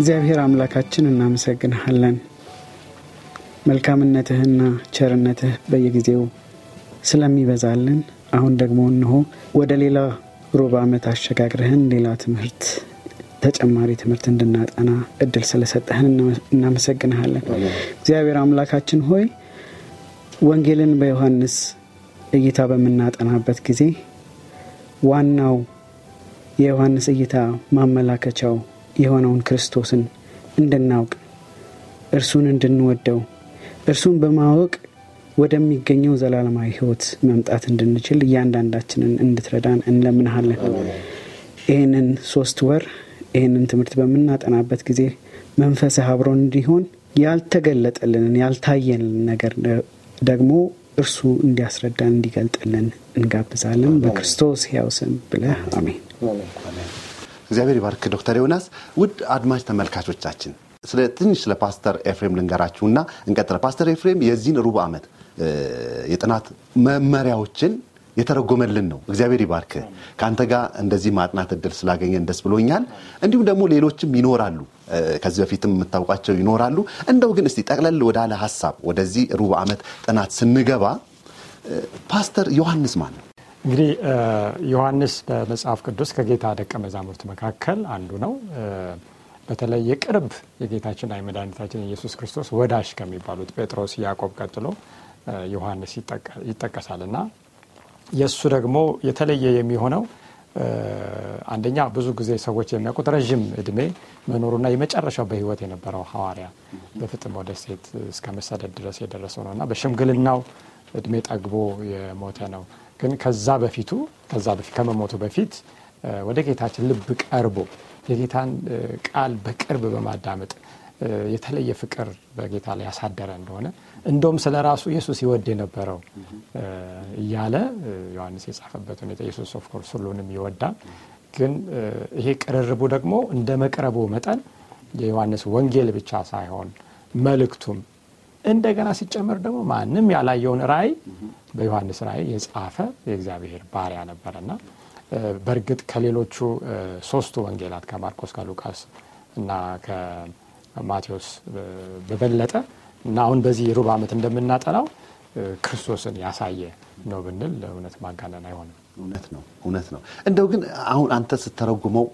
እግዚአብሔር አምላካችን እናመሰግንሃለን። መልካምነትህና ቸርነትህ በየጊዜው ስለሚበዛልን አሁን ደግሞ እንሆ ወደ ሌላ ሩብ ዓመት አሸጋግረህን ሌላ ትምህርት ተጨማሪ ትምህርት እንድናጠና እድል ስለሰጠህን እናመሰግንሃለን። እግዚአብሔር አምላካችን ሆይ ወንጌልን በዮሐንስ እይታ በምናጠናበት ጊዜ ዋናው የዮሐንስ እይታ ማመላከቻው የሆነውን ክርስቶስን እንድናውቅ እርሱን እንድንወደው እርሱን በማወቅ ወደሚገኘው ዘላለማዊ ህይወት መምጣት እንድንችል እያንዳንዳችንን እንድትረዳን እንለምንሃለን። ይህንን ሶስት ወር ይህንን ትምህርት በምናጠናበት ጊዜ መንፈስ አብሮን እንዲሆን ያልተገለጠልንን ያልታየልን ነገር ደግሞ እርሱ እንዲያስረዳን እንዲገልጥልን እንጋብዛለን። በክርስቶስ ያው ስም ብለህ አሜን። እግዚአብሔር ይባርክ ዶክተር ዮናስ። ውድ አድማጭ ተመልካቾቻችን ስለ ትንሽ ስለ ፓስተር ኤፍሬም እና እንቀጥለ። ፓስተር ኤፍሬም የዚህን ሩብ ዓመት የጥናት መመሪያዎችን የተረጎመልን ነው። እግዚአብሔር ይባርክ። ከአንተ ጋር እንደዚህ ማጥናት እድል ስላገኘን ደስ ብሎኛል። እንዲሁም ደግሞ ሌሎችም ይኖራሉ፣ ከዚህ በፊትም የምታውቋቸው ይኖራሉ። እንደው ግን እስቲ ጠቅለል ወዳለ ሀሳብ ወደዚህ ሩብ ዓመት ጥናት ስንገባ ፓስተር ዮሐንስ ማን ነው? እንግዲህ ዮሐንስ በመጽሐፍ ቅዱስ ከጌታ ደቀ መዛሙርት መካከል አንዱ ነው። በተለይ የቅርብ የጌታችንና የመድኃኒታችን ኢየሱስ ክርስቶስ ወዳሽ ከሚባሉት ጴጥሮስ፣ ያዕቆብ ቀጥሎ ዮሐንስ ይጠቀሳል እና የእሱ ደግሞ የተለየ የሚሆነው አንደኛ ብዙ ጊዜ ሰዎች የሚያውቁት ረዥም እድሜ መኖሩና የመጨረሻው በህይወት የነበረው ሐዋርያ ወደ ሴት እስከ መሰደድ ድረስ የደረሰው ነው እና በሽምግልናው እድሜ ጠግቦ የሞተ ነው። ግን ከዛ በፊቱ ከዛ በፊት ከመሞቱ በፊት ወደ ጌታችን ልብ ቀርቦ የጌታን ቃል በቅርብ በማዳመጥ የተለየ ፍቅር በጌታ ላይ ያሳደረ እንደሆነ እንደውም ስለ ራሱ ኢየሱስ ይወድ የነበረው እያለ ዮሐንስ የጻፈበት ሁኔታ ኢየሱስ ኦፍኮርስ ሁሉንም ይወዳል። ግን ይሄ ቅርርቡ ደግሞ እንደ መቅረቡ መጠን የዮሐንስ ወንጌል ብቻ ሳይሆን መልእክቱም እንደገና ሲጨመር ደግሞ ማንም ያላየውን ራእይ በዮሐንስ ራእይ የጻፈ የእግዚአብሔር ባሪያ ነበረና በእርግጥ ከሌሎቹ ሶስቱ ወንጌላት ከማርቆስ፣ ከሉቃስ እና ከማቴዎስ በበለጠ እና አሁን በዚህ ሩብ ዓመት እንደምናጠናው ክርስቶስን ያሳየ ነው ብንል ለእውነት ማጋነን አይሆንም። እውነት ነው፣ እውነት ነው። እንደው ግን አሁን አንተ ስተረጉመው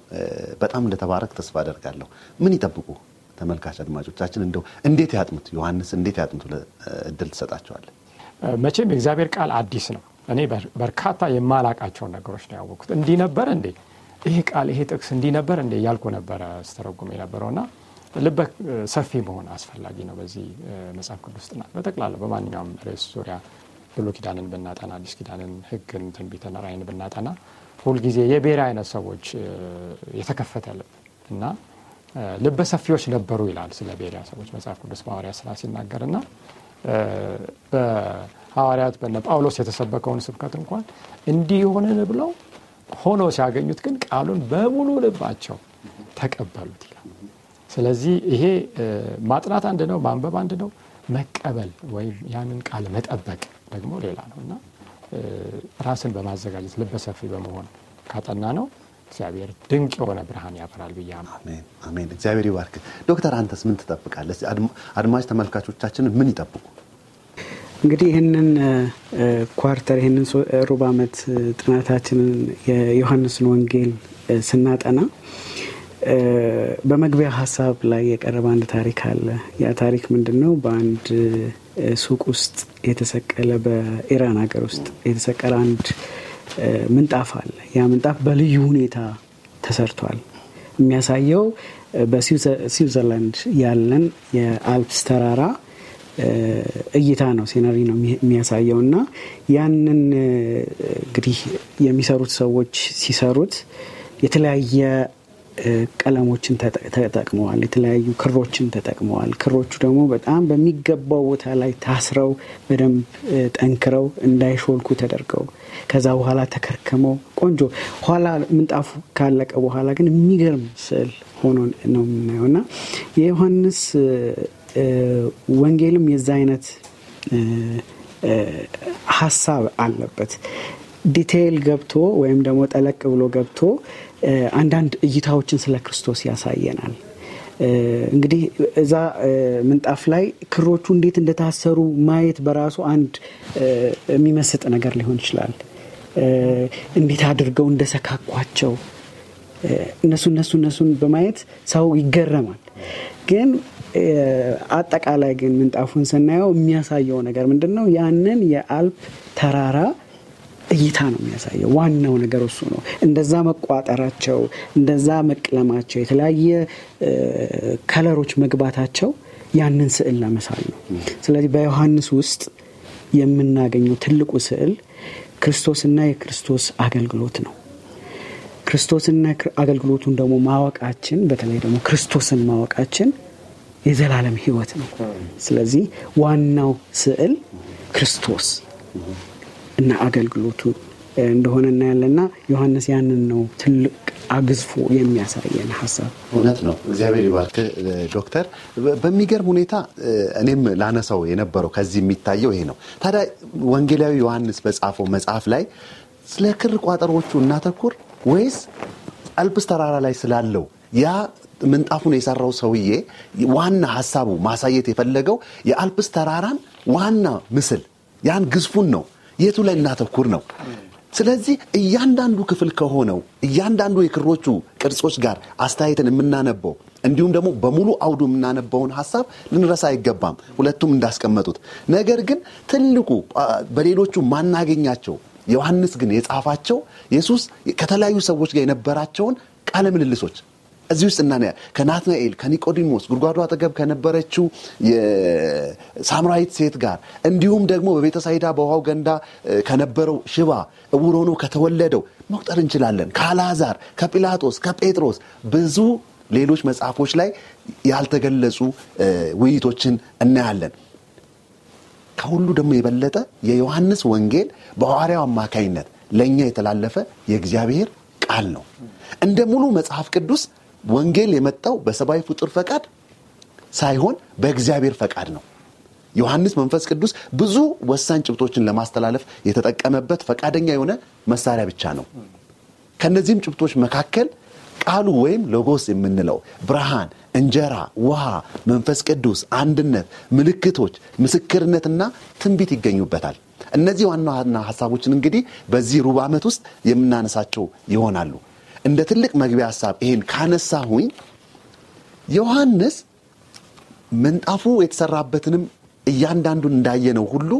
በጣም እንደተባረክ ተስፋ አደርጋለሁ። ምን ይጠብቁ? ተመልካች አድማጮቻችን እንደው እንዴት ያጥኑት ዮሐንስ እንዴት ያጥኑት እድል ትሰጣቸዋል መቼም የእግዚአብሔር ቃል አዲስ ነው። እኔ በርካታ የማላቃቸውን ነገሮች ነው ያወቁት እንዲህ ነበር እንዴ ይህ ቃል ይሄ ጥቅስ እንዲህ ነበር እንዴ እያልኩ ነበረ ስተረጉም የነበረውና ልበ ሰፊ መሆን አስፈላጊ ነው። በዚህ መጽሐፍ ቅዱስ ጥናት በጠቅላላ በማንኛውም ርዕስ ዙሪያ ብሎ ኪዳንን ብናጠና አዲስ ኪዳንን፣ ህግን ትንቢትን፣ ራይን ብናጠና ሁልጊዜ የብሔራዊ አይነት ሰዎች የተከፈተ ልብ እና ልበ ሰፊዎች ነበሩ ይላል ስለ ቤሪያ ሰዎች መጽሐፍ ቅዱስ በሐዋርያት ስራ ሲናገርና በሐዋርያት በነ ጳውሎስ የተሰበከውን ስብከት እንኳን እንዲህ የሆነን ብለው ሆኖ ሲያገኙት ግን ቃሉን በሙሉ ልባቸው ተቀበሉት ይላል። ስለዚህ ይሄ ማጥናት አንድ ነው፣ ማንበብ አንድ ነው፣ መቀበል ወይም ያንን ቃል መጠበቅ ደግሞ ሌላ ነው እና ራስን በማዘጋጀት ልበሰፊ በመሆን ካጠና ነው እግዚአብሔር ድንቅ የሆነ ብርሃን ያበራል ብያ አሜን። እግዚአብሔር ይባርክ። ዶክተር አንተስ ምን ትጠብቃለች አድማጭ ተመልካቾቻችን ምን ይጠብቁ? እንግዲህ ይህንን ኳርተር ይህንን ሩብ ዓመት ጥናታችንን የዮሐንስን ወንጌል ስናጠና በመግቢያ ሀሳብ ላይ የቀረበ አንድ ታሪክ አለ። ያ ታሪክ ምንድን ነው? በአንድ ሱቅ ውስጥ የተሰቀለ በኢራን ሀገር ውስጥ የተሰቀለ አንድ ምንጣፍ አለ። ያ ምንጣፍ በልዩ ሁኔታ ተሰርቷል። የሚያሳየው በስዊዘርላንድ ያለን የአልፕስ ተራራ እይታ ነው፣ ሴነሪ ነው የሚያሳየው እና ያንን እንግዲህ የሚሰሩት ሰዎች ሲሰሩት የተለያየ ቀለሞችን ተጠቅመዋል። የተለያዩ ክሮችን ተጠቅመዋል። ክሮቹ ደግሞ በጣም በሚገባው ቦታ ላይ ታስረው በደንብ ጠንክረው እንዳይሾልኩ ተደርገው ከዛ በኋላ ተከርከመው ቆንጆ ኋላ ምንጣፉ ካለቀ በኋላ ግን የሚገርም ስዕል ሆኖ ነው የምናየው እና የዮሐንስ ወንጌልም የዛ አይነት ሀሳብ አለበት ዲቴይል ገብቶ ወይም ደግሞ ጠለቅ ብሎ ገብቶ አንዳንድ እይታዎችን ስለ ክርስቶስ ያሳየናል። እንግዲህ እዛ ምንጣፍ ላይ ክሮቹ እንዴት እንደታሰሩ ማየት በራሱ አንድ የሚመስጥ ነገር ሊሆን ይችላል። እንዴት አድርገው እንደሰካኳቸው እነሱ እነሱ እነሱን በማየት ሰው ይገረማል። ግን አጠቃላይ ግን ምንጣፉን ስናየው የሚያሳየው ነገር ምንድን ነው? ያንን የአልፕ ተራራ እይታ ነው የሚያሳየው። ዋናው ነገር እሱ ነው። እንደዛ መቋጠራቸው፣ እንደዛ መቅለማቸው፣ የተለያየ ከለሮች መግባታቸው ያንን ስዕል ለመሳል ነው። ስለዚህ በዮሐንስ ውስጥ የምናገኘው ትልቁ ስዕል ክርስቶስና የክርስቶስ አገልግሎት ነው። ክርስቶስና አገልግሎቱን ደግሞ ማወቃችን በተለይ ደግሞ ክርስቶስን ማወቃችን የዘላለም ህይወት ነው። ስለዚህ ዋናው ስዕል ክርስቶስ እና አገልግሎቱ እንደሆነ እናያለና ዮሐንስ ያንን ነው ትልቅ አግዝፎ የሚያሳየን ሀሳብ እውነት ነው። እግዚአብሔር ይባርክ ዶክተር። በሚገርም ሁኔታ እኔም ላነሳው የነበረው ከዚህ የሚታየው ይሄ ነው። ታዲያ ወንጌላዊ ዮሐንስ በጻፈው መጽሐፍ ላይ ስለ ክር ቋጠሮቹ እናተኩር ወይስ አልፕስ ተራራ ላይ ስላለው ያ ምንጣፉን የሰራው ሰውዬ ዋና ሀሳቡ ማሳየት የፈለገው የአልፕስ ተራራን ዋና ምስል ያን ግዝፉን ነው የቱ ላይ እናተኩር ነው። ስለዚህ እያንዳንዱ ክፍል ከሆነው እያንዳንዱ የክሮቹ ቅርጾች ጋር አስተያየትን የምናነበው እንዲሁም ደግሞ በሙሉ አውዱ የምናነበውን ሀሳብ ልንረሳ አይገባም። ሁለቱም እንዳስቀመጡት ነገር ግን ትልቁ በሌሎቹ ማናገኛቸው ዮሐንስ ግን የጻፋቸው ኢየሱስ ከተለያዩ ሰዎች ጋር የነበራቸውን ቃለ ምልልሶች እዚህ ውስጥ እና ከናትናኤል ከኒቆዲሞስ ጉድጓዶ አጠገብ ከነበረችው የሳምራዊት ሴት ጋር እንዲሁም ደግሞ በቤተሳይዳ በውሃው ገንዳ ከነበረው ሽባ እውር ሆኖ ከተወለደው መቁጠር እንችላለን። ከአልዓዛር፣ ከጲላጦስ፣ ከጴጥሮስ ብዙ ሌሎች መጽሐፎች ላይ ያልተገለጹ ውይይቶችን እናያለን። ከሁሉ ደግሞ የበለጠ የዮሐንስ ወንጌል በሐዋርያው አማካኝነት ለእኛ የተላለፈ የእግዚአብሔር ቃል ነው። እንደ ሙሉ መጽሐፍ ቅዱስ ወንጌል የመጣው በሰብአዊ ፍጡር ፈቃድ ሳይሆን በእግዚአብሔር ፈቃድ ነው። ዮሐንስ መንፈስ ቅዱስ ብዙ ወሳኝ ጭብቶችን ለማስተላለፍ የተጠቀመበት ፈቃደኛ የሆነ መሳሪያ ብቻ ነው። ከእነዚህም ጭብቶች መካከል ቃሉ ወይም ሎጎስ የምንለው ብርሃን፣ እንጀራ፣ ውሃ፣ መንፈስ ቅዱስ፣ አንድነት፣ ምልክቶች፣ ምስክርነትና ትንቢት ይገኙበታል። እነዚህ ዋና ዋና ሀሳቦችን እንግዲህ በዚህ ሩብ ዓመት ውስጥ የምናነሳቸው ይሆናሉ። እንደ ትልቅ መግቢያ ሀሳብ ይሄን ካነሳሁኝ ዮሐንስ ምንጣፉ የተሰራበትንም እያንዳንዱን እንዳየነው ሁሉ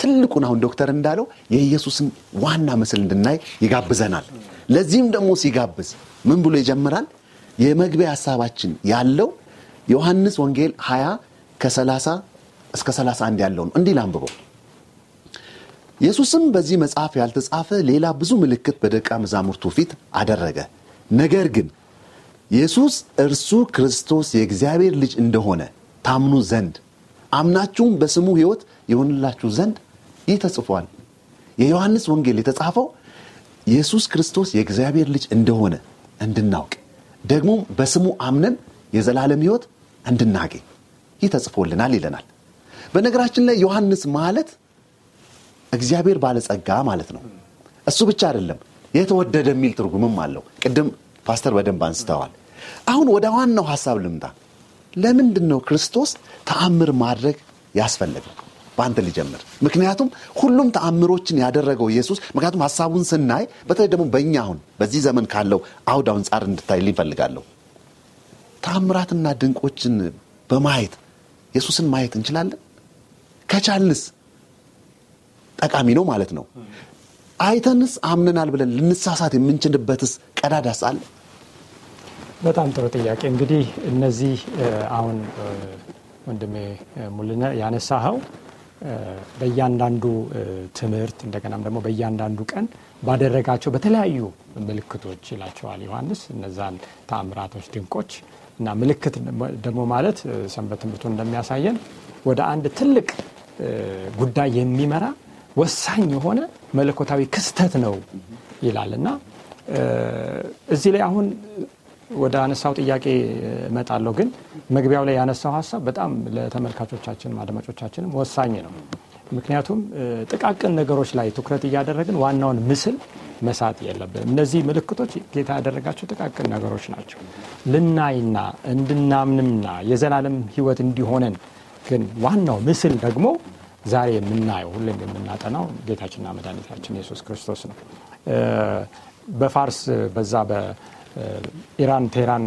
ትልቁን አሁን ዶክተር እንዳለው የኢየሱስን ዋና ምስል እንድናይ ይጋብዘናል። ለዚህም ደግሞ ሲጋብዝ ምን ብሎ ይጀምራል? የመግቢያ ሀሳባችን ያለው ዮሐንስ ወንጌል 20 ከ30 እስከ 31 ያለው ነው። እንዲህ ላንብበው። ኢየሱስም በዚህ መጽሐፍ ያልተጻፈ ሌላ ብዙ ምልክት በደቀ መዛሙርቱ ፊት አደረገ። ነገር ግን ኢየሱስ እርሱ ክርስቶስ የእግዚአብሔር ልጅ እንደሆነ ታምኑ ዘንድ አምናችሁም በስሙ ሕይወት የሆንላችሁ ዘንድ ይህ ተጽፏል። የዮሐንስ ወንጌል የተጻፈው ኢየሱስ ክርስቶስ የእግዚአብሔር ልጅ እንደሆነ እንድናውቅ ደግሞም በስሙ አምነን የዘላለም ሕይወት እንድናገኝ ይህ ተጽፎልናል ይለናል። በነገራችን ላይ ዮሐንስ ማለት እግዚአብሔር ባለጸጋ ማለት ነው። እሱ ብቻ አይደለም የተወደደ የሚል ትርጉምም አለው። ቅድም ፓስተር በደንብ አንስተዋል። አሁን ወደ ዋናው ሀሳብ ልምጣ። ለምንድን ነው ክርስቶስ ተአምር ማድረግ ያስፈለገው? በአንተ ሊጀምር። ምክንያቱም ሁሉም ተአምሮችን ያደረገው ኢየሱስ ምክንያቱም ሀሳቡን ስናይ በተለይ ደግሞ በእኛ አሁን በዚህ ዘመን ካለው አውድ አንጻር እንድታይ ሊፈልጋለሁ። ተአምራትና ድንቆችን በማየት ኢየሱስን ማየት እንችላለን። ከቻልንስ ጠቃሚ ነው ማለት ነው። አይተንስ አምነናል ብለን ልንሳሳት የምንችልበትስ ቀዳዳስ አለ? በጣም ጥሩ ጥያቄ። እንግዲህ እነዚህ አሁን ወንድሜ ሙልነ ያነሳኸው በእያንዳንዱ ትምህርት እንደገናም ደግሞ በእያንዳንዱ ቀን ባደረጋቸው በተለያዩ ምልክቶች ይላቸዋል ዮሐንስ እነዛን ተአምራቶች፣ ድንቆች እና ምልክት ደግሞ ማለት ሰንበት ትምህርቱን እንደሚያሳየን ወደ አንድ ትልቅ ጉዳይ የሚመራ ወሳኝ የሆነ መለኮታዊ ክስተት ነው ይላል እና እዚህ ላይ አሁን ወደ አነሳው ጥያቄ እመጣለሁ። ግን መግቢያው ላይ ያነሳው ሀሳብ በጣም ለተመልካቾቻችንም አድማጮቻችንም ወሳኝ ነው። ምክንያቱም ጥቃቅን ነገሮች ላይ ትኩረት እያደረግን ዋናውን ምስል መሳት የለብን እነዚህ ምልክቶች ጌታ ያደረጋቸው ጥቃቅን ነገሮች ናቸው። ልናይና እንድናምንምና የዘላለም ህይወት እንዲሆነን ግን ዋናው ምስል ደግሞ ዛሬ የምናየው ሁሌም የምናጠናው ጌታችንና መድኃኒታችን የሱስ ክርስቶስ ነው። በፋርስ በዛ በኢራን ቴራን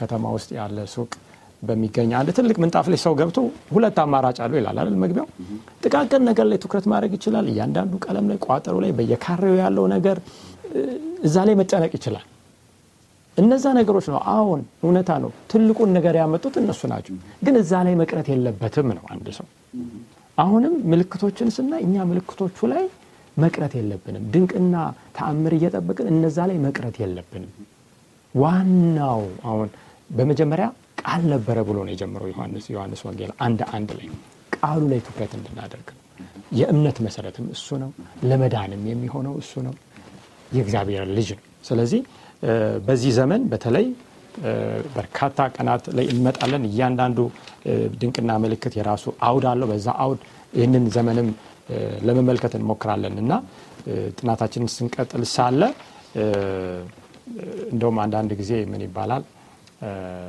ከተማ ውስጥ ያለ ሱቅ በሚገኝ አንድ ትልቅ ምንጣፍ ላይ ሰው ገብቶ ሁለት አማራጭ አለው ይላል አይደል? መግቢያው ጥቃቅን ነገር ላይ ትኩረት ማድረግ ይችላል። እያንዳንዱ ቀለም ላይ፣ ቋጠሮ ላይ፣ በየካሬው ያለው ነገር እዛ ላይ መጨነቅ ይችላል። እነዛ ነገሮች ነው። አሁን እውነታ ነው። ትልቁን ነገር ያመጡት እነሱ ናቸው። ግን እዛ ላይ መቅረት የለበትም ነው አንድ ሰው አሁንም ምልክቶችን ስናይ እኛ ምልክቶቹ ላይ መቅረት የለብንም። ድንቅና ተአምር እየጠበቅን እነዛ ላይ መቅረት የለብንም። ዋናው አሁን በመጀመሪያ ቃል ነበረ ብሎ ነው የጀምረው ዮሐንስ ዮሐንስ ወንጌል አንድ አንድ ላይ ቃሉ ላይ ትኩረት እንድናደርግ የእምነት መሰረትም እሱ ነው። ለመዳንም የሚሆነው እሱ ነው። የእግዚአብሔር ልጅ ነው። ስለዚህ በዚህ ዘመን በተለይ በርካታ ቀናት ላይ እንመጣለን። እያንዳንዱ ድንቅና ምልክት የራሱ አውድ አለው። በዛ አውድ ይህንን ዘመንም ለመመልከት እንሞክራለን እና ጥናታችንን ስንቀጥል ሳለ እንደውም አንዳንድ ጊዜ ምን ይባላል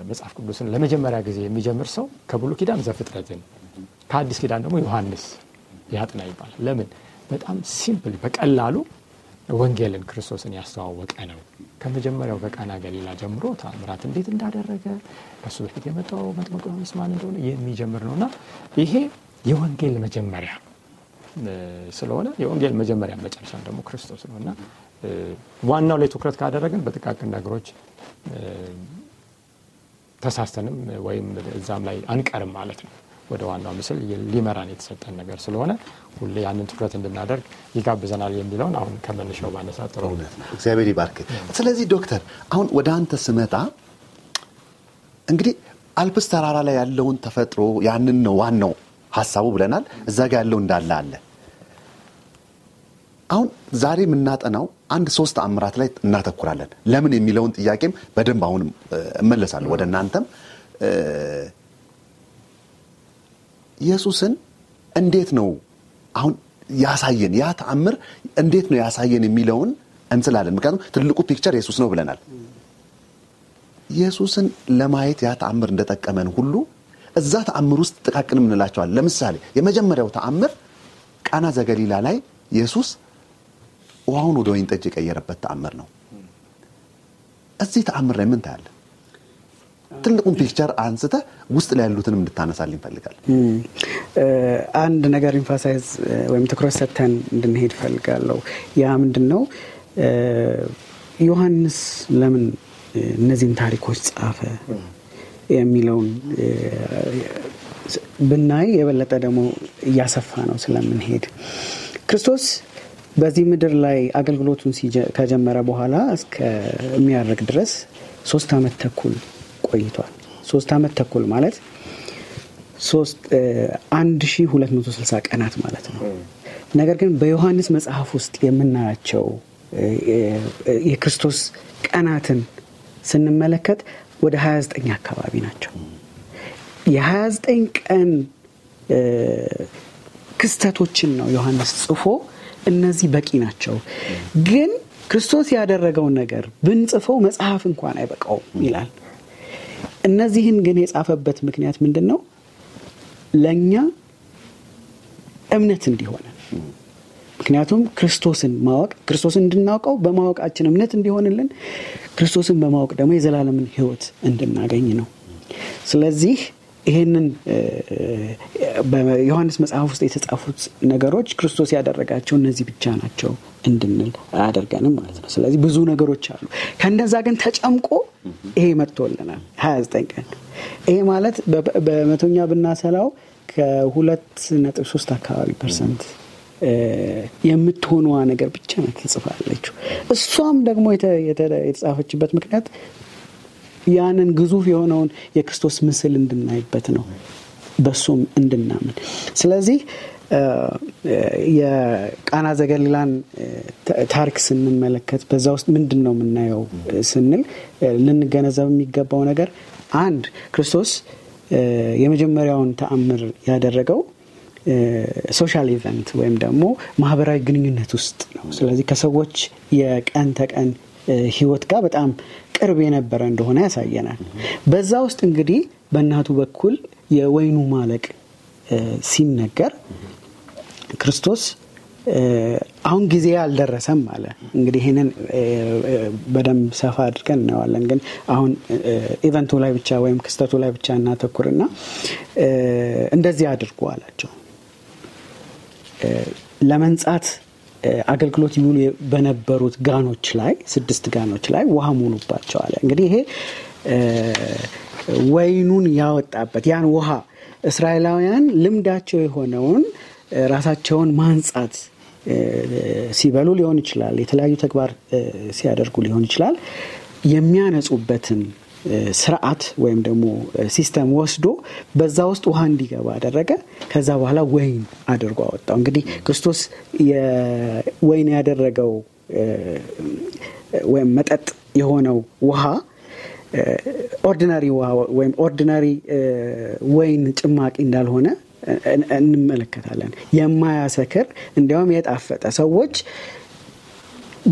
መጽሐፍ ቅዱስን ለመጀመሪያ ጊዜ የሚጀምር ሰው ከብሉ ኪዳን ዘፍጥረትን ከአዲስ ኪዳን ደግሞ ዮሐንስ ያጥና ይባላል። ለምን? በጣም ሲምፕል በቀላሉ ወንጌልን ክርስቶስን ያስተዋወቀ ነው። ከመጀመሪያው በቃና ገሊላ ጀምሮ ታምራት እንዴት እንዳደረገ ከእሱ በፊት የመጣው መጥምቁ ማን እንደሆነ የሚጀምር ነውና ይሄ የወንጌል መጀመሪያ ስለሆነ የወንጌል መጀመሪያ መጨረሻ ደግሞ ክርስቶስ ነው እና ዋናው ላይ ትኩረት ካደረግን በጥቃቅን ነገሮች ተሳስተንም ወይም እዛም ላይ አንቀርም ማለት ነው። ወደ ዋናው ምስል ሊመራን የተሰጠን ነገር ስለሆነ ሁሌ ያንን ትኩረት እንድናደርግ ይጋብዘናል የሚለውን አሁን ከመንሻው ባነሳ ጥሩ። እግዚአብሔር ይባርክ። ስለዚህ ዶክተር አሁን ወደ አንተ ስመጣ እንግዲህ አልፕስ ተራራ ላይ ያለውን ተፈጥሮ ያንን ነው ዋናው ሀሳቡ ብለናል። እዛ ጋ ያለው እንዳለ አለ። አሁን ዛሬ የምናጠናው አንድ ሶስት አምራት ላይ እናተኩራለን። ለምን የሚለውን ጥያቄም በደንብ አሁን እመለሳለሁ ወደ እናንተም ኢየሱስን እንዴት ነው አሁን ያሳየን ያ ተአምር እንዴት ነው ያሳየን የሚለውን እንስላለን። ምክንያቱም ትልቁ ፒክቸር ኢየሱስ ነው ብለናል። ኢየሱስን ለማየት ያ ተአምር እንደጠቀመን ሁሉ እዛ ተአምር ውስጥ ጥቃቅን ምንላቸዋል። ለምሳሌ የመጀመሪያው ተአምር ቃና ዘገሊላ ላይ ኢየሱስ ውሃውን ወደ ወይን ጠጅ የቀየረበት ተአምር ነው። እዚህ ተአምር ላይ ምን ታያለን? ትልቁን ፒክቸር አንስተ ውስጥ ላይ ያሉትን እንድታነሳል ይፈልጋል። አንድ ነገር ኢንፋሳይዝ ወይም ትኩረት ሰተን እንድንሄድ ይፈልጋለሁ። ያ ምንድን ነው? ዮሐንስ ለምን እነዚህን ታሪኮች ጻፈ የሚለውን ብናይ የበለጠ ደግሞ እያሰፋ ነው ስለምንሄድ ክርስቶስ በዚህ ምድር ላይ አገልግሎቱን ከጀመረ በኋላ እስከሚያደርግ ድረስ ሶስት ዓመት ተኩል ቆይቷል። ሶስት ዓመት ተኩል ማለት አንድ ሺ ሁለት መቶ ስልሳ ቀናት ማለት ነው። ነገር ግን በዮሐንስ መጽሐፍ ውስጥ የምናያቸው የክርስቶስ ቀናትን ስንመለከት ወደ 29 አካባቢ ናቸው። የ29 ቀን ክስተቶችን ነው ዮሐንስ ጽፎ እነዚህ በቂ ናቸው ግን ክርስቶስ ያደረገውን ነገር ብንጽፈው መጽሐፍ እንኳን አይበቃውም ይላል። እነዚህን ግን የጻፈበት ምክንያት ምንድን ነው? ለእኛ እምነት እንዲሆነ ምክንያቱም ክርስቶስን ማወቅ ክርስቶስን እንድናውቀው በማወቃችን እምነት እንዲሆንልን ክርስቶስን በማወቅ ደግሞ የዘላለምን ህይወት እንድናገኝ ነው። ስለዚህ ይህንን በዮሐንስ መጽሐፍ ውስጥ የተጻፉት ነገሮች ክርስቶስ ያደረጋቸው እነዚህ ብቻ ናቸው እንድንል አያደርገንም ማለት ነው። ስለዚህ ብዙ ነገሮች አሉ። ከእንደዛ ግን ተጨምቆ ይሄ መጥቶልናል 29 ቀን። ይሄ ማለት በመቶኛ ብናሰላው ከሁለት ነጥብ ሶስት አካባቢ ፐርሰንት የምትሆነዋ ነገር ብቻ ነ ተጽፋለችው። እሷም ደግሞ የተጻፈችበት ምክንያት ያንን ግዙፍ የሆነውን የክርስቶስ ምስል እንድናይበት ነው፣ በሱም እንድናምን። ስለዚህ የቃና ዘገሊላን ታሪክ ስንመለከት በዛ ውስጥ ምንድን ነው የምናየው ስንል ልንገነዘብ የሚገባው ነገር አንድ ክርስቶስ የመጀመሪያውን ተአምር ያደረገው ሶሻል ኢቨንት ወይም ደግሞ ማህበራዊ ግንኙነት ውስጥ ነው። ስለዚህ ከሰዎች የቀን ተቀን ህይወት ጋር በጣም ቅርብ የነበረ እንደሆነ ያሳየናል። በዛ ውስጥ እንግዲህ በእናቱ በኩል የወይኑ ማለቅ ሲነገር ክርስቶስ አሁን ጊዜ አልደረሰም አለ። እንግዲህ ይህንን በደንብ ሰፋ አድርገን እናየዋለን። ግን አሁን ኢቨንቱ ላይ ብቻ ወይም ክስተቱ ላይ ብቻ እናተኩርና እንደዚህ አድርጎ አላቸው ለመንጻት አገልግሎት የሚውሉ በነበሩት ጋኖች ላይ ስድስት ጋኖች ላይ ውሃ ሙሉባቸው እንግዲህ ይሄ ወይኑን ያወጣበት ያን ውሃ እስራኤላውያን ልምዳቸው የሆነውን ራሳቸውን ማንጻት ሲበሉ ሊሆን ይችላል፣ የተለያዩ ተግባር ሲያደርጉ ሊሆን ይችላል የሚያነጹበትን ስርዓት ወይም ደግሞ ሲስተም ወስዶ በዛ ውስጥ ውሃ እንዲገባ አደረገ። ከዛ በኋላ ወይን አድርጎ አወጣው። እንግዲህ ክርስቶስ ወይን ያደረገው ወይም መጠጥ የሆነው ውሃ ኦርዲናሪ ውሃ ወይም ኦርዲናሪ ወይን ጭማቂ እንዳልሆነ እንመለከታለን። የማያሰክር እንዲያውም የጣፈጠ ሰዎች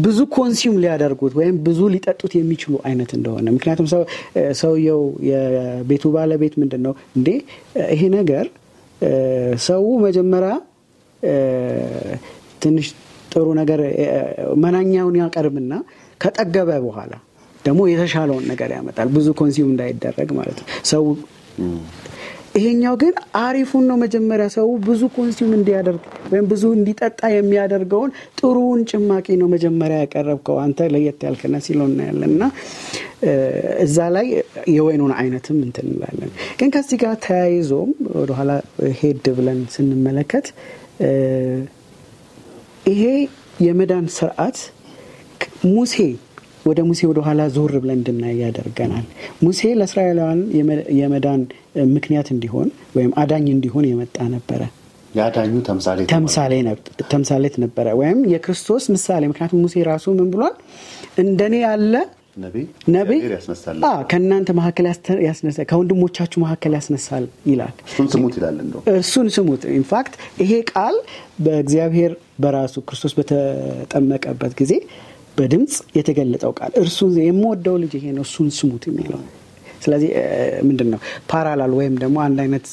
ብዙ ኮንሱም ሊያደርጉት ወይም ብዙ ሊጠጡት የሚችሉ አይነት እንደሆነ ምክንያቱም ሰውየው የቤቱ ባለቤት ምንድን ነው እንዴ ይሄ ነገር ሰው መጀመሪያ ትንሽ ጥሩ ነገር መናኛውን ያቀርብና ከጠገበ በኋላ ደግሞ የተሻለውን ነገር ያመጣል። ብዙ ኮንሱም እንዳይደረግ ማለት ነው ሰው ይሄኛው ግን አሪፉን ነው መጀመሪያ ሰው ብዙ ኮንሱም እንዲያደርግ ወይም ብዙ እንዲጠጣ የሚያደርገውን ጥሩውን ጭማቂ ነው መጀመሪያ ያቀረብከው አንተ ለየት ያልክነ ሲሎ እናያለን እና እዛ ላይ የወይኑን አይነትም እንትን እንላለን። ግን ከዚ ጋር ተያይዞም ወደኋላ ሄድ ብለን ስንመለከት ይሄ የመዳን ስርዓት ሙሴ ወደ ሙሴ ወደ ኋላ ዞር ብለን እንድናይ ያደርገናል። ሙሴ ለእስራኤላውያን የመዳን ምክንያት እንዲሆን ወይም አዳኝ እንዲሆን የመጣ ነበረ። የአዳኙ ተምሳሌት ነበረ ወይም የክርስቶስ ምሳሌ። ምክንያቱም ሙሴ ራሱ ምን ብሏል? እንደኔ ያለ ነቢይ ከእናንተ መካከል ያስነሳ ከወንድሞቻችሁ መካከል ያስነሳል ይላል። እሱን ስሙት። ኢንፋክት ይሄ ቃል በእግዚአብሔር በራሱ ክርስቶስ በተጠመቀበት ጊዜ በድምፅ የተገለጠው ቃል እርሱን የምወደው ልጅ ይሄ ነው እሱን ስሙት የሚለው ስለዚህ ምንድን ነው ፓራላል ወይም ደግሞ አንድ አይነት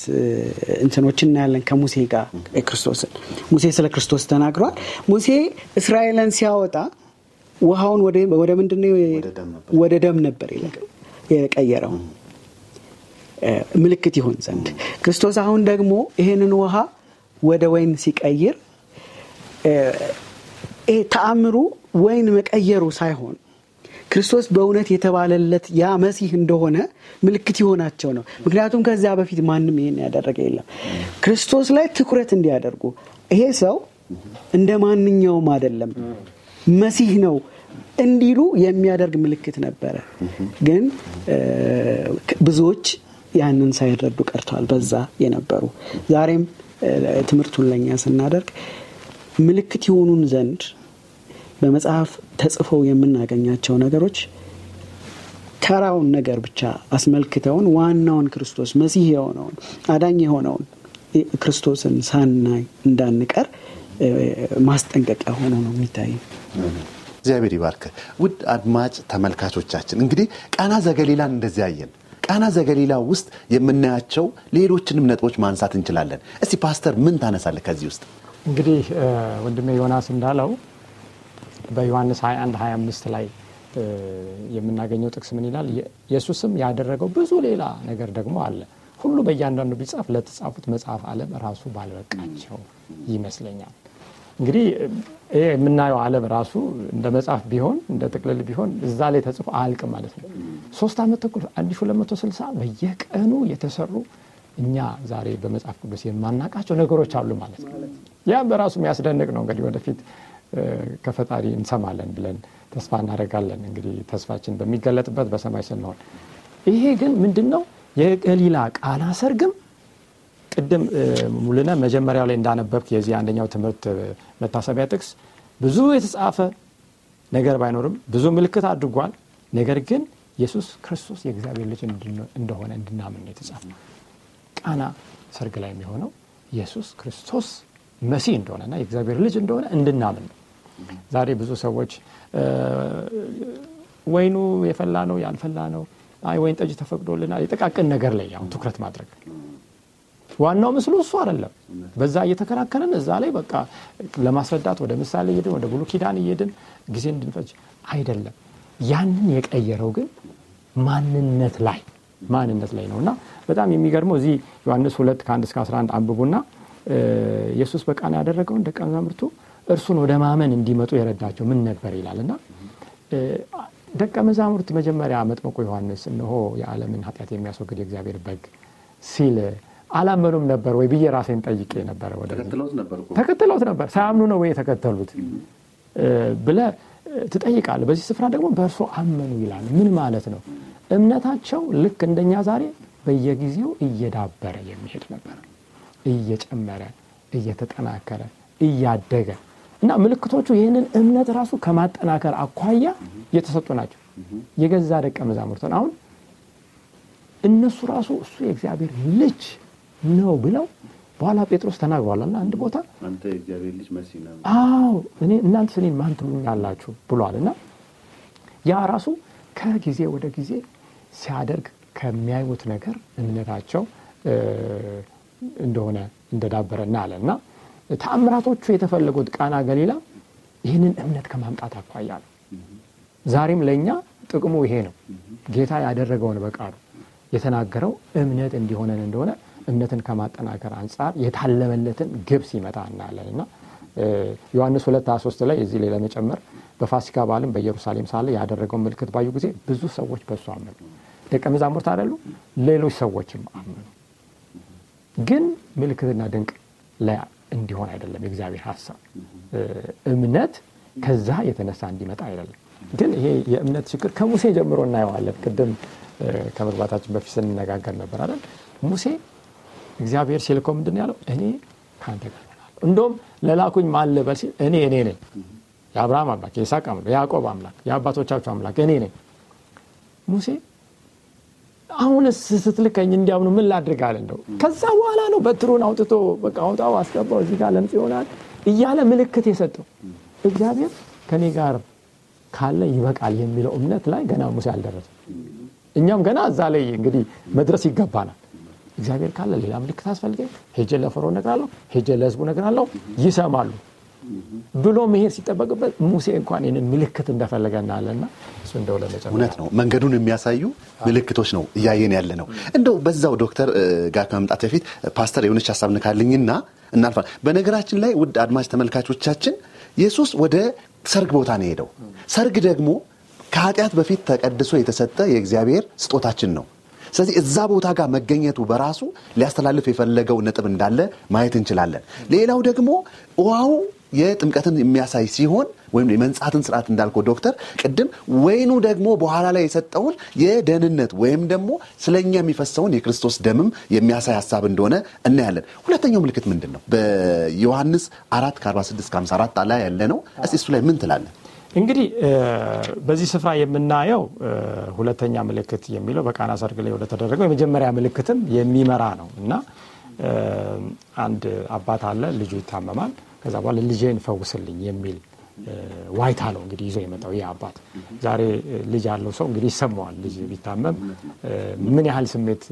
እንትኖች እናያለን ከሙሴ ጋር ክርስቶስን ሙሴ ስለ ክርስቶስ ተናግሯል ሙሴ እስራኤልን ሲያወጣ ውሃውን ወደ ምንድን ወደ ደም ነበር የቀየረው ምልክት ይሆን ዘንድ ክርስቶስ አሁን ደግሞ ይህንን ውሃ ወደ ወይን ሲቀይር ተአምሩ ወይን መቀየሩ ሳይሆን ክርስቶስ በእውነት የተባለለት ያ መሲህ እንደሆነ ምልክት የሆናቸው ነው። ምክንያቱም ከዚያ በፊት ማንም ይሄን ያደረገ የለም። ክርስቶስ ላይ ትኩረት እንዲያደርጉ ይሄ ሰው እንደ ማንኛውም አይደለም፣ መሲህ ነው እንዲሉ የሚያደርግ ምልክት ነበረ። ግን ብዙዎች ያንን ሳይረዱ ቀርተዋል። በዛ የነበሩ ዛሬም ትምህርቱን ለኛ ስናደርግ ምልክት የሆኑን ዘንድ በመጽሐፍ ተጽፈው የምናገኛቸው ነገሮች ተራውን ነገር ብቻ አስመልክተውን ዋናውን ክርስቶስ መሲህ የሆነውን አዳኝ የሆነውን ክርስቶስን ሳናይ እንዳንቀር ማስጠንቀቂያ ሆኖ ነው የሚታይ። እግዚአብሔር ይባርክ። ውድ አድማጭ ተመልካቾቻችን እንግዲህ ቃና ዘገሊላን እንደዚህ አየን። ቃና ዘገሊላ ውስጥ የምናያቸው ሌሎችንም ነጥቦች ማንሳት እንችላለን። እስቲ ፓስተር ምን ታነሳለህ ከዚህ ውስጥ? እንግዲህ ወንድሜ ዮናስ እንዳለው በዮሐንስ 21 25 ላይ የምናገኘው ጥቅስ ምን ይላል? ኢየሱስም ያደረገው ብዙ ሌላ ነገር ደግሞ አለ። ሁሉ በእያንዳንዱ ቢጻፍ ለተጻፉት መጽሐፍ አለም ራሱ ባልበቃቸው ይመስለኛል። እንግዲህ ይሄ የምናየው አለም ራሱ እንደ መጽሐፍ ቢሆን እንደ ጥቅልል ቢሆን እዛ ላይ ተጽፎ አልቅ ማለት ነው። ሶስት ዓመት ተኩል 1260 በየቀኑ የተሰሩ እኛ ዛሬ በመጽሐፍ ቅዱስ የማናቃቸው ነገሮች አሉ ማለት ነው። ያ በራሱ የሚያስደንቅ ነው። እንግዲህ ወደፊት ከፈጣሪ እንሰማለን ብለን ተስፋ እናደርጋለን። እንግዲህ ተስፋችን በሚገለጥበት በሰማይ ስንሆን፣ ይሄ ግን ምንድን ነው የገሊላ ቃና ሰርግም ቅድም ሙልነ መጀመሪያው ላይ እንዳነበብክ የዚህ አንደኛው ትምህርት መታሰቢያ ጥቅስ ብዙ የተጻፈ ነገር ባይኖርም ብዙ ምልክት አድርጓል። ነገር ግን ኢየሱስ ክርስቶስ የእግዚአብሔር ልጅ እንደሆነ እንድናምን ነው የተጻፈ። ቃና ሰርግ ላይ የሚሆነው ኢየሱስ ክርስቶስ መሲህ እንደሆነና የእግዚአብሔር ልጅ እንደሆነ እንድናምን ዛሬ ብዙ ሰዎች ወይኑ የፈላ ነው ያልፈላ ነው፣ አይ ወይን ጠጅ ተፈቅዶልናል፣ የጠቃቅን ነገር ላይ አሁን ትኩረት ማድረግ ዋናው ምስሉ እሱ አይደለም። በዛ እየተከራከረን እዛ ላይ በቃ ለማስረዳት ወደ ምሳሌ እየድን ወደ ብሉ ኪዳን እየድን ጊዜ እንድንፈጅ አይደለም። ያንን የቀየረው ግን ማንነት ላይ ማንነት ላይ ነው እና በጣም የሚገርመው እዚህ ዮሐንስ ሁለት ከአንድ እስከ 11 አንብቡና ኢየሱስ በቃና ያደረገውን ደቀ መዛሙርቱ እርሱን ወደ ማመን እንዲመጡ የረዳቸው ምን ነበር ይላል እና ደቀ መዛሙርት መጀመሪያ መጥመቁ ዮሐንስ እነሆ የዓለምን ኃጢአት የሚያስወግድ የእግዚአብሔር በግ ሲል አላመኑም ነበር ወይ ብዬ ራሴን ጠይቄ ነበረ። ተከትለውት ነበር ሳያምኑ ነው ወይ የተከተሉት ብለ ትጠይቃለ በዚህ ስፍራ ደግሞ በእርሶ አመኑ ይላል። ምን ማለት ነው? እምነታቸው ልክ እንደኛ ዛሬ በየጊዜው እየዳበረ የሚሄድ ነበር። እየጨመረ እየተጠናከረ እያደገ እና ምልክቶቹ ይህንን እምነት ራሱ ከማጠናከር አኳያ የተሰጡ ናቸው። የገዛ ደቀ መዛሙርትን አሁን እነሱ ራሱ እሱ የእግዚአብሔር ልጅ ነው ብለው በኋላ ጴጥሮስ ተናግሯል እና አንድ ቦታ አዎ እኔ እናንተ ስኔን ማን ትሉኛላችሁ ብሏል እና ያ ራሱ ከጊዜ ወደ ጊዜ ሲያደርግ ከሚያዩት ነገር እምነታቸው እንደሆነ እንደዳበረ እና አለ እና ተአምራቶቹ የተፈለጉት ቃና ገሊላ ይህንን እምነት ከማምጣት አኳያ ነው። ዛሬም ለእኛ ጥቅሙ ይሄ ነው። ጌታ ያደረገውን በቃሉ የተናገረው እምነት እንዲሆነን እንደሆነ እምነትን ከማጠናከር አንጻር የታለመለትን ግብስ ይመጣ እናለን እና ዮሐንስ 2 23 ላይ እዚህ ላይ ለመጨመር በፋሲካ በዓልም በኢየሩሳሌም ሳለ ያደረገውን ምልክት ባዩ ጊዜ ብዙ ሰዎች በሱ አመኑ። ደቀ መዛሙርት አደሉ ሌሎች ሰዎችም አመኑ። ግን ምልክትና ድንቅ ላይ እንዲሆን አይደለም። የእግዚአብሔር ሀሳብ እምነት ከዛ የተነሳ እንዲመጣ አይደለም። ግን ይሄ የእምነት ችግር ከሙሴ ጀምሮ እናየዋለን። ቅድም ከመግባታችን በፊት ስንነጋገር ነበር አይደል? ሙሴ እግዚአብሔር ሲልኮ ምንድን ያለው? እኔ ከአንተ ጋር እሆናለሁ። ለላኩኝ ማልበል ሲል እኔ እኔ ነኝ፣ የአብርሃም አምላክ፣ የይስሐቅ አምላክ፣ የያዕቆብ አምላክ፣ የአባቶቻቸው አምላክ እኔ ነኝ። ሙሴ አሁንስ ስትልከኝ እንዲያምኑ ምን ላድርጋል እንደው ከዛ በኋላ ነው በትሩን አውጥቶ በቃ አውጣው አስገባው እዚህ ጋር ለምጽ ይሆናል እያለ ምልክት የሰጠው እግዚአብሔር ከኔ ጋር ካለ ይበቃል የሚለው እምነት ላይ ገና ሙሴ አልደረሰ እኛም ገና እዛ ላይ እንግዲህ መድረስ ይገባናል እግዚአብሔር ካለ ሌላ ምልክት አስፈልገኝ ሄጀ ለፈሮ ነግራለሁ ሄጀ ለህዝቡ ነግራለሁ ይሰማሉ ብሎ መሄድ ሲጠበቅበት ሙሴ እንኳን ይህንን ምልክት እንደፈለገ እናለና እውነት ነው መንገዱን የሚያሳዩ ምልክቶች ነው እያየን ያለ ነው። እንደው በዛው ዶክተር ጋር ከመምጣት በፊት ፓስተር የሆነች ሀሳብ ንካልኝና እናልፋለን። በነገራችን ላይ ውድ አድማጭ ተመልካቾቻችን ኢየሱስ ወደ ሰርግ ቦታ ነው የሄደው። ሰርግ ደግሞ ከኃጢአት በፊት ተቀድሶ የተሰጠ የእግዚአብሔር ስጦታችን ነው። ስለዚህ እዛ ቦታ ጋር መገኘቱ በራሱ ሊያስተላልፍ የፈለገው ነጥብ እንዳለ ማየት እንችላለን። ሌላው ደግሞ ውሃው የጥምቀትን የሚያሳይ ሲሆን ወይም የመንጻትን ስርዓት እንዳልከው ዶክተር ቅድም ወይኑ ደግሞ በኋላ ላይ የሰጠውን የደህንነት ወይም ደግሞ ስለኛ የሚፈሰውን የክርስቶስ ደምም የሚያሳይ ሀሳብ እንደሆነ እናያለን። ሁለተኛው ምልክት ምንድን ነው? በዮሐንስ አራት ላይ ያለ ነው። እሱ ላይ ምን ትላለ እንግዲህ በዚህ ስፍራ የምናየው ሁለተኛ ምልክት የሚለው በቃና ሰርግ ላይ ወደተደረገው የመጀመሪያ ምልክትም የሚመራ ነው እና አንድ አባት አለ፣ ልጁ ይታመማል። ከዛ በኋላ ልጄን ፈውስልኝ የሚል ዋይታ ነው እንግዲህ ይዞ የመጣው ይህ አባት። ዛሬ ልጅ ያለው ሰው እንግዲህ ይሰማዋል። ልጅ ቢታመም ምን ያህል ስሜት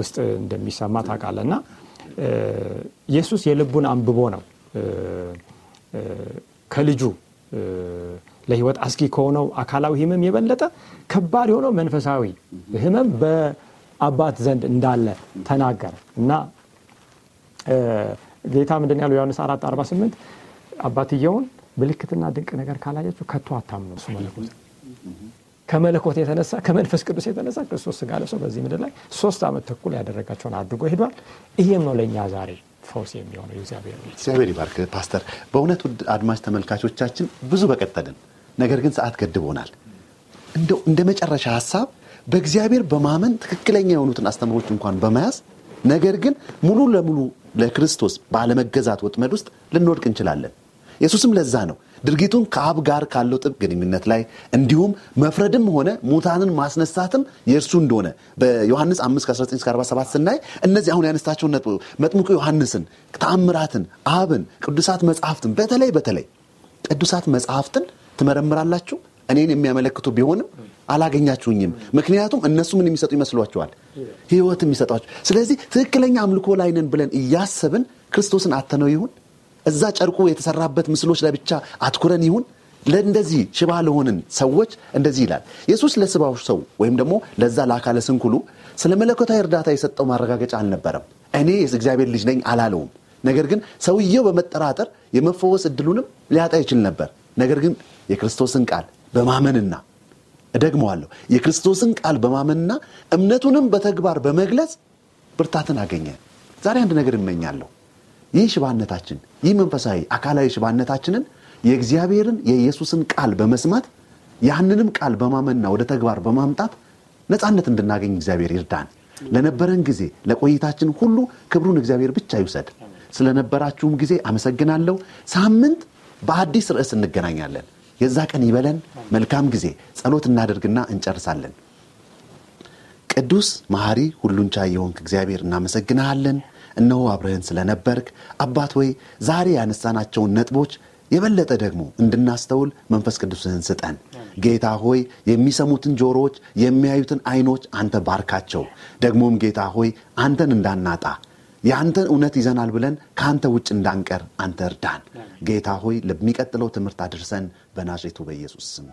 ውስጥ እንደሚሰማ ታውቃለህ። እና ኢየሱስ የልቡን አንብቦ ነው ከልጁ ለህይወት አስጊ ከሆነው አካላዊ ህመም የበለጠ ከባድ የሆነው መንፈሳዊ ህመም በአባት ዘንድ እንዳለ ተናገረ እና ጌታ ምንድን ያለው ዮሐንስ 4 48 አባትየውን ምልክትና ድንቅ ነገር ካላያችሁ ከቶ አታምኑ። እሱ መለኮት ከመለኮት የተነሳ ከመንፈስ ቅዱስ የተነሳ ክርስቶስ ስጋ ለብሶ በዚህ ምድር ላይ ሶስት ዓመት ተኩል ያደረጋቸውን አድርጎ ሄዷል። ይህም ነው ለእኛ ዛሬ ፈውስ የሚሆነው የእግዚአብሔር እግዚአብሔር ይባርክ። ፓስተር፣ በእውነት ውድ አድማጭ ተመልካቾቻችን ብዙ በቀጠልን፣ ነገር ግን ሰዓት ገድቦናል። እንደ መጨረሻ ሀሳብ በእግዚአብሔር በማመን ትክክለኛ የሆኑትን አስተምሮች እንኳን በመያዝ ነገር ግን ሙሉ ለሙሉ ለክርስቶስ ባለመገዛት ወጥመድ ውስጥ ልንወድቅ እንችላለን። ኢየሱስም ለዛ ነው ድርጊቱን ከአብ ጋር ካለው ጥብቅ ግንኙነት ላይ እንዲሁም መፍረድም ሆነ ሙታንን ማስነሳትም የእርሱ እንደሆነ በዮሐንስ 519 ስናይ እነዚህ አሁን ያነሳቸውን መጥምቁ ዮሐንስን፣ ተአምራትን፣ አብን፣ ቅዱሳት መጽሐፍትን በተለይ በተለይ ቅዱሳት መጽሐፍትን ትመረምራላችሁ እኔን የሚያመለክቱ ቢሆንም አላገኛችሁኝም። ምክንያቱም እነሱ ምን የሚሰጡ ይመስሏቸዋል? ህይወት የሚሰጧቸ ስለዚህ ትክክለኛ አምልኮ ላይነን ብለን እያሰብን ክርስቶስን አተነው ይሁን እዛ ጨርቁ የተሰራበት ምስሎች ላይ ብቻ አትኩረን ይሁን ለእንደዚህ ሽባ ለሆንን ሰዎች እንደዚህ ይላል ኢየሱስ ለስባው ሰው ወይም ደግሞ ለዛ ለአካለ ስንኩሉ ስለ መለኮታዊ እርዳታ የሰጠው ማረጋገጫ አልነበረም። እኔ እግዚአብሔር ልጅ ነኝ አላለውም። ነገር ግን ሰውየው በመጠራጠር የመፈወስ እድሉንም ሊያጣ ይችል ነበር። ነገር ግን የክርስቶስን ቃል በማመንና እደግመዋለሁ የክርስቶስን ቃል በማመንና እምነቱንም በተግባር በመግለጽ ብርታትን አገኘ። ዛሬ አንድ ነገር እመኛለሁ። ይህ ሽባነታችን፣ ይህ መንፈሳዊ አካላዊ ሽባነታችንን የእግዚአብሔርን የኢየሱስን ቃል በመስማት ያንንም ቃል በማመንና ወደ ተግባር በማምጣት ነፃነት እንድናገኝ እግዚአብሔር ይርዳን። ለነበረን ጊዜ ለቆይታችን ሁሉ ክብሩን እግዚአብሔር ብቻ ይውሰድ። ስለነበራችሁም ጊዜ አመሰግናለሁ። ሳምንት በአዲስ ርዕስ እንገናኛለን። የዛ ቀን ይበለን። መልካም ጊዜ። ጸሎት እናደርግና እንጨርሳለን። ቅዱስ መሐሪ፣ ሁሉን ቻ የሆንክ እግዚአብሔር እናመሰግናሃለን እነሆ አብረህን ስለነበርክ አባት ወይ ዛሬ ያነሳናቸውን ነጥቦች የበለጠ ደግሞ እንድናስተውል መንፈስ ቅዱስህን ስጠን። ጌታ ሆይ የሚሰሙትን ጆሮዎች፣ የሚያዩትን አይኖች አንተ ባርካቸው። ደግሞም ጌታ ሆይ አንተን እንዳናጣ የአንተን እውነት ይዘናል ብለን ከአንተ ውጭ እንዳንቀር አንተ እርዳን ጌታ ሆይ። ለሚቀጥለው ትምህርት አድርሰን በናዝሬቱ በኢየሱስ ስም